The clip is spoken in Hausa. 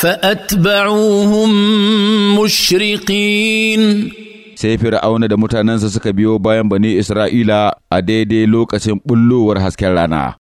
فأتبعوهم مشرقين sai fir'auna da mutanensa suka biyo bayan bani isra'ila a daidai lokacin bullowar hasken rana